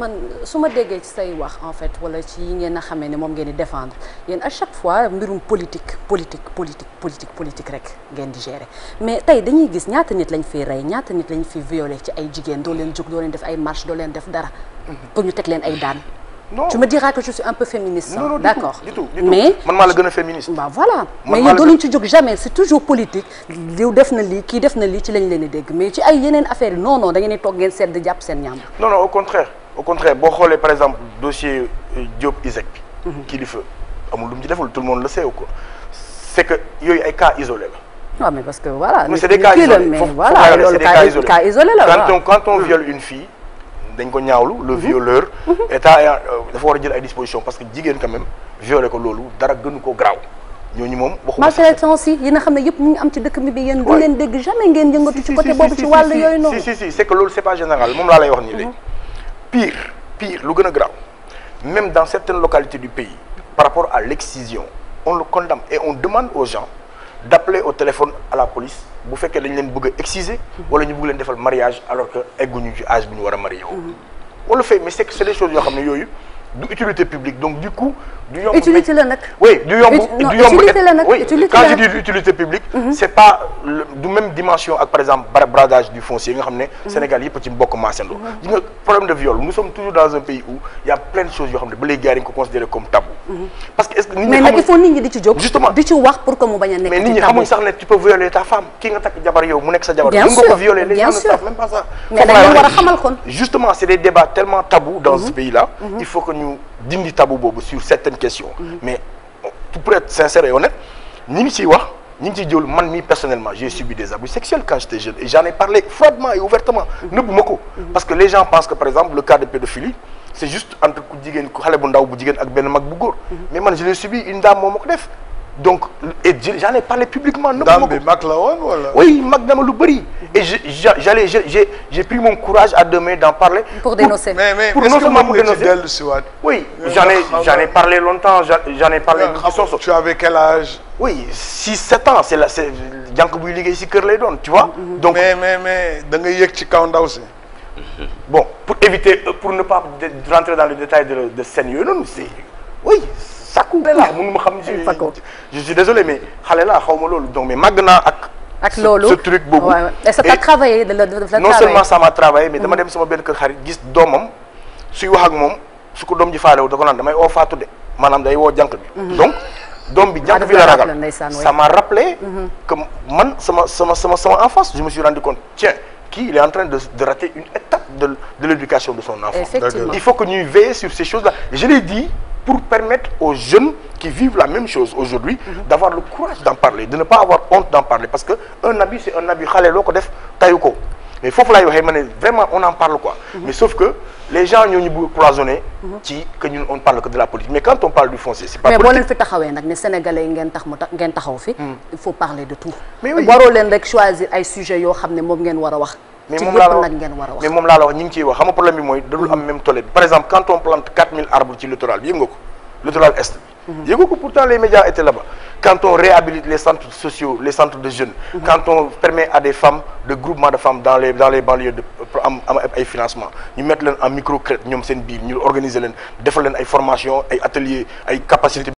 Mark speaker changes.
Speaker 1: man su ma déggee ci say wax en fait wala ci yi ngeen a xamee ne moom ngeen di défendre yéen à chaque fois mbirum politique politique politique politique politique rek ngeen di gérer mais tey dañuy gis ñaata nit lañ fi rey ñaata nit lañ fi violé ci ay jigéen doo leen jóg doo leen def ay marche doo def dara. pour ñu teg leen ay daan. non tu me diras que peu féministe. non non du tout du tout mais
Speaker 2: man maa la gën a féministe. bah voilà mais yow leen ci jóg jamais
Speaker 1: c'est toujours politique. yow def na lii kii def na lii ci lañ leen di dégg mais ci ay yeneen affaires yi non non da ngeen di toog ngeen sedd seen
Speaker 2: au contraire boo xoolee par exemple dossier euh, Diop ISEC bi mhm. kilifa amul lu mu ci deful tout le monde le sait quoi c'est que yooyu ay cas isolé la
Speaker 1: waaw mais parce que voilà mais c'est des la quand on
Speaker 2: quand mhm. une fille dañ ko ñaawlu le mhm. violeur état euh, dafa war a ay dispositions parce que jigéen quand même ko loolu dara gënu ko garaaw ñooñu moom waxuma maltraitance
Speaker 1: aussi yi nga xam ne yëpp mu am ci dëkk mi bi yéen duñ leen dégg jamais ngeen yëngatu ci côté boobu ci wàllu yooyu noonu
Speaker 2: si si si c'est que loolu c'est pire pire lu gën a grave même dans certaines localités du pays par rapport à l'excision on le condamne et on demande aux gens d'appeler au téléphone à la police bu fekkee dañ leen bëgg a exciser wala ñu bëgg leen defal mariage alors que egguñu ci âge bi ñu war a marié
Speaker 1: mmh.
Speaker 2: on le fait mais c'est que c'est des choses yoo xam ne yooyu du utilité publique donc du coup. du yomb utilité la nag. oui du yomb du yomb utilité la nag utilité quand je dis utilité publique. Mhm. c' est pas du même dimension ak par exemple bradage du foncier nga xam ne. Mhm. Sénégal yëpp ci mbokk maasandoo. di mhm. nga problème de viol nous sommes toujours dans un pays où y a plein de choses yoo xam ne ba léegi gars parce que est-ce que nit ñi mais nag il faut
Speaker 1: nit ñi di ci jóg justement di ci wax pour que mu bañ a nekk mais nit ñi xamuñ sax ne
Speaker 2: tu peux violer ta femme kii nga takk jabar yow mu nekk sa jabar bu nga ko violer les gens ne savent même pas ça mais dañ leen war a xamal kon justement c'est des débats tellement tabous dans mhm. ce pays là mhm. il faut que ñu dindi tabou boobu sur certaines questions mhm. mais pour être sincère et honnête ñi ngi ciy wax ñi ngi ciy jël man mii personnellement j'ai subi des abus sexuels quand j'étais jeune et j'en ai parlé froidement et ouvertement nëbbuma ko parce que les gens pensent que par exemple le cas de pédophilie c'est juste entre ku jigéen ku xale bu ndaw bu jigéen ak benn mag bu góor. Mhm. mais man je l'ai subi une dame moo ma ko def. donc et j'en ai parlé publiquement. nëbb ma ko dame bi mag la woon wala. oui mag dama lu bëri. et je j'allais j'ai j'ai pris mon courage à deux mains d'en parler. pour dénoncer mais mais pour non seulement pour dénoncer oui j'en ai j'en ai parlé longtemps j'en ai parlé. soso tu avais quel âge. oui six sept ans c'est la c'est jànk buy liggéey si kër lay doon tu vois. Mm-hmm. donc mais mais mais da nga yëg ci kaw ndaw si. bon pour éviter euh, pour ne pas rentrer dans le détail de de scène yooyu c'est oui sakku laa mënu ma xam je suis désolé mais xale laa xaw donc mais màgg ak ak loolu ce truc non seulement ça m'a travaillé mais dama mm. dem sama benn kër xarit gis doomam suy wax ak moom su ko ji faalewu da ko naan damay oo faatu de maanaam day woo jànq bi mm-hmm. donc doom bi ah, jànq bi la ragal ça m'a rappelé mm-hmm. que man sama sama sama sama enfance je me suis compte tiens kii il est en train de de une étape de, l'éducation de son enfant. Il faut que nous veillions sur ces choses-là. Je l'ai dit permettre aux jeunes qui vivent la même chose aujourd'hui mhm. d'avoir le courage d'en parler, de ne pas avoir honte d'en parler. Parce qu'un habit, c'est un habit. Mais foofu laay waxee ma vraiment on en parle quoi. Mhm. mais sauf que les gens ñoo ñu mhm. parle que de la politique mais quand on parle du foncier. mais boo leen
Speaker 1: fi taxawee nag ne sénégalais yi ngeen tax mais moom laa la wax mais moom
Speaker 2: laa la wax ñu ngi ciy problème bi mooy dadul am même tollé par exemple quand on plante 4000 arbres ci littoral bi ko littoral est bi mhm. ko pourtant les médias étaient là-bas quand on réhabilite les sociaux les centres de jeunes mhm. quand on permet à des femmes de groupement de femmes dans les dans de am am ay financement ñu mettre leen en microcrète ñoom seen biir ñu organiser leen defal leen ay formation ay atelier ay capacité